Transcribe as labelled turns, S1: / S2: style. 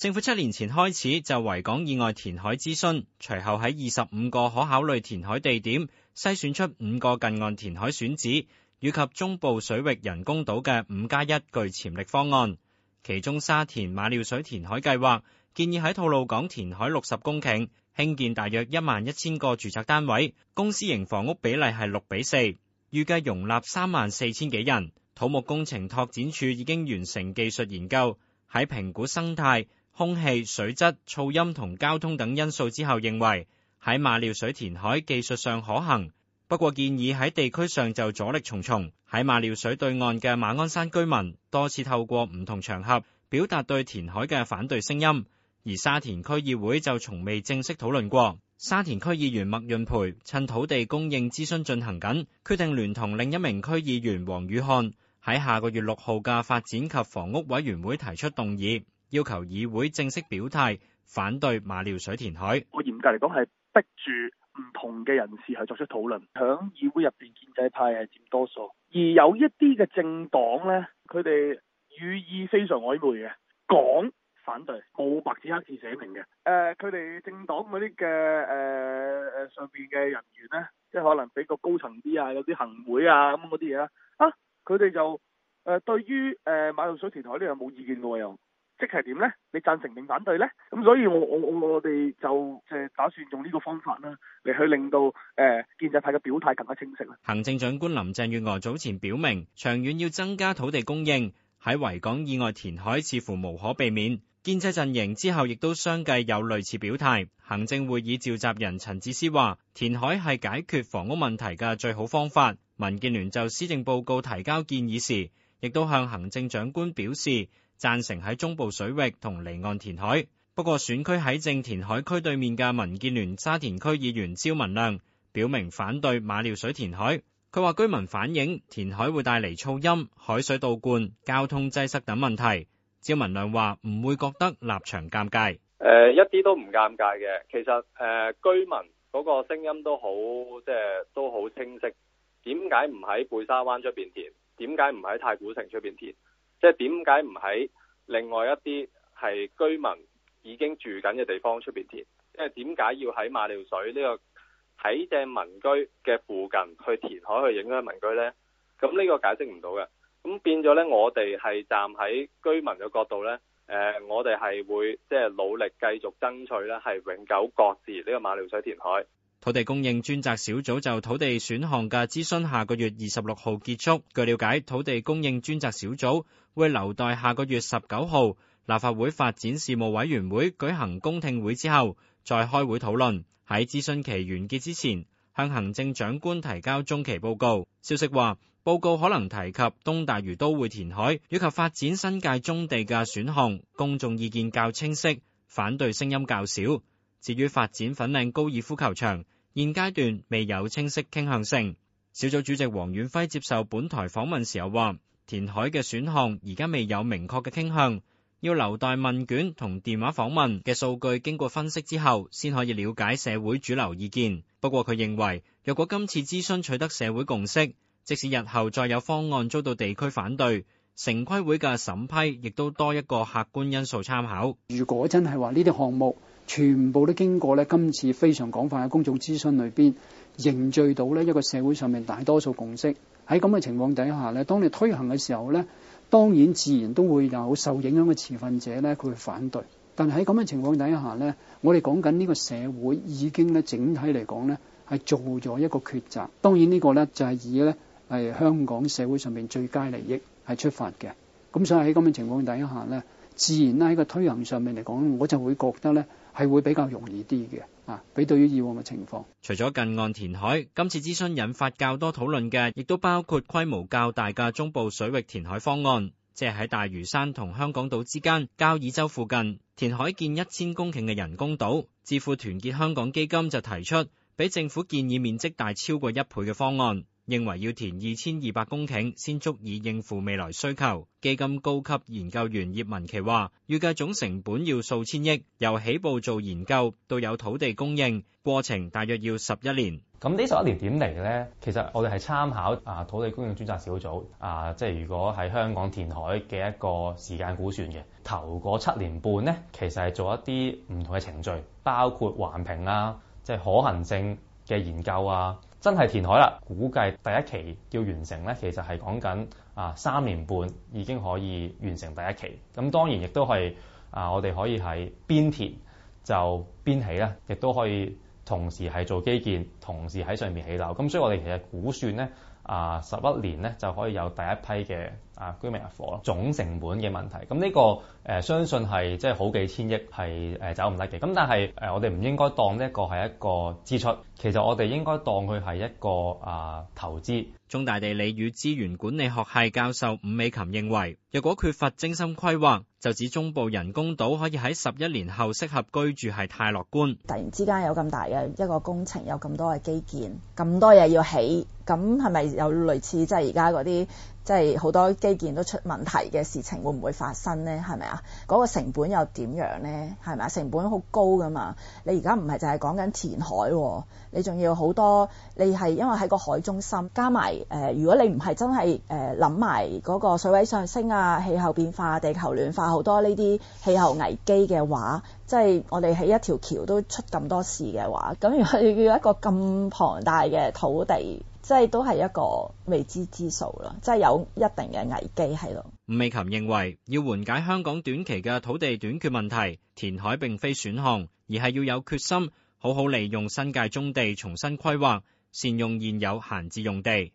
S1: 政府七年前開始就維港以外填海諮詢，隨後喺二十五個可考慮填海地點篩選出五個近岸填海選址，以及中部水域人工島嘅五加一具潛力方案。其中沙田馬料水填海計劃建議喺吐露港填海六十公頃，興建大約一萬一千個住宅單位，公私營房屋比例係六比四，預計容納三萬四千幾人。土木工程拓展署已經完成技術研究，喺評估生態。空氣、水質、噪音同交通等因素之後，認為喺馬料水填海技術上可行，不過建議喺地區上就阻力重重。喺馬料水對岸嘅馬鞍山居民多次透過唔同場合表達對填海嘅反對聲音，而沙田區議會就從未正式討論過。沙田區議員麥潤培趁土地供應諮詢進行緊，決定聯同另一名區議員黃宇漢喺下個月六號嘅發展及房屋委員會提出動議。要求議會正式表態反對馬料水填海，我嚴格嚟講係
S2: 逼住唔同嘅人士係作出討論。響議會入邊，建制派係佔多數，而有一啲嘅政黨咧，佢哋語意非常曖昧嘅，講反對冇白紙黑字寫明嘅。誒、呃，佢哋政黨嗰啲嘅誒誒上邊嘅人員咧，即係可能比較高層啲啊，有啲行會啊咁嗰啲嘢啦，啊，佢哋就誒、呃、對於誒、呃、馬料水填海呢樣有冇意見嘅又。即係點呢？你贊成定反對呢？咁所以我我我哋就打算用呢個方法啦，嚟去令到建制派嘅表態更加清晰啦。
S1: 行政長官林鄭月娥早前表明，長遠要增加土地供應，喺維港以外填海似乎無可避免。建制陣營之後亦都相繼有類似表態。行政會議召集人陳智思話，填海係解決房屋問題嘅最好方法。民建聯就施政報告提交建議時，亦都向行政長官表示。贊成喺中部水域同離岸填海，不過選區喺正填海區對面嘅民建聯沙田區議員招文亮表明反對馬料水填海。佢話居民反映填海會帶嚟噪音、海水倒灌、交通擠塞等問題。招文亮話唔會覺得立場尷尬。誒，一
S2: 啲都唔尷尬嘅。其實誒，居民嗰個聲音都好，即係都好清晰。點解唔喺貝沙灣出邊填？點解唔喺太古城出邊填？即係點解唔喺另外一啲係居民已經住緊嘅地方出邊填？因為點解要喺馬料水呢個喺隻民居嘅附近去填海去影響民居呢？咁呢個解釋唔到嘅。咁變咗呢，我哋係站喺居民嘅角度呢。誒，我哋係會即係努力繼續爭取呢係永久擱置呢個馬料水填海。
S1: 土地供應專責小組就土地選項嘅諮詢下個月二十六號結束。據了解，土地供應專責小組會留待下個月十九號立法會發展事務委員會舉行公聽會之後，再開會討論。喺諮詢期完結之前，向行政長官提交中期報告。消息話，報告可能提及東大嶼都會填海以及發展新界中地嘅選項。公眾意見較清晰，反對聲音較少。至於發展粉嶺高爾夫球場，現階段未有清晰傾向性。小組主席黃遠輝接受本台訪問時又話，填海嘅選項而家未有明確嘅傾向，要留待問卷同電話訪問嘅數據經過分析之後，先可以了解社會主流意見。不過，佢認為若果今次諮詢取得社會共識，即使日後再有方案遭到地區反對，城規會嘅審批亦都多一個客觀因素參考。如果真係話呢啲項目全部都經過咧，今次非常廣泛嘅公眾諮詢裏邊凝聚到呢一個社會上面大多數共識，喺咁嘅情況底下咧，當你推行嘅時候咧，當然自然都會有受影響嘅持份者咧，佢會反對。但喺咁嘅情況底下呢，我哋講緊呢個社會已經咧，整體嚟講咧，係做咗一個抉擇。當然呢個呢就係、是、以係香港社會上面最佳
S2: 利益。係出發嘅，咁所以喺咁嘅情況底下呢，自然啦，喺個推行上面嚟講，我就會覺得呢係會比較容易啲嘅啊，俾對於以往嘅情況。
S1: 除咗近岸填海，今次諮詢引發較多討論嘅，亦都包括規模較大嘅中部水域填海方案，即係喺大嶼山同香港島之間，交椅洲附近填海建一千公頃嘅人工島。至於團結香港基金就提出，比政府建議面積大超過一倍嘅方案。認為要填二千二百公頃先足以應付未來需求。基金高級研究員葉文琪話，預計總成本要數千億，由起步做研究到有土地供應，過程大約要十一年。咁呢十一年點嚟呢？其實我哋係參考啊土地供應專責小組啊，即係
S2: 如果喺香港填海嘅一個時間估算嘅。頭嗰七年半呢，其實係做一啲唔同嘅程序，包括環評啦，啊，即係可行性。嘅研究啊，真係填海啦！估計第一期要完成咧，其實係講緊啊三年半已經可以完成第一期。咁當然亦都係啊、呃，我哋可以係邊填就邊起啦，亦都可以同時係做基建，同時喺上面起樓，咁所以我哋其實估算，咧啊，呃、十一年咧就可以有第一批嘅。啊，居民入伙總成本嘅問題，咁呢、呢個誒、呃，相信係即係好幾千億，係、呃、走唔甩嘅。咁但係、呃、我哋唔應該當呢一個係一個支出，其實我哋應
S1: 該當佢係一個啊投資。中大地理與資源管理學系教授伍美琴認為，若果缺乏精心規劃，就指中部人工島可以喺十一年後適合居住係太樂觀。
S2: 突然之間有咁大嘅一個工程，有咁多嘅基建，咁多嘢要起，咁係咪有類似即係而家嗰啲？即係好多基建都出問題嘅事情，會唔會發生呢？係咪啊？嗰個成本又點樣呢？係咪啊？成本好高噶嘛！你而家唔係淨係講緊填海，你仲要好多，你係因為喺個海中心，加埋、呃、如果你唔係真係諗埋嗰個水位上升啊、氣候變化、地球暖化好多呢啲氣候危機嘅話，即係我哋起一條橋都出咁多事嘅話，咁如果要一個咁龐大嘅土地？即係都係一個未知之數咯，即係有一定嘅危機，係咯。
S1: 吳美琴認為要緩解香港短期嘅土地短缺問題，填海並非選項，而係要有決心，好好利用新界棕地，重新規劃，善用現有閒置用地。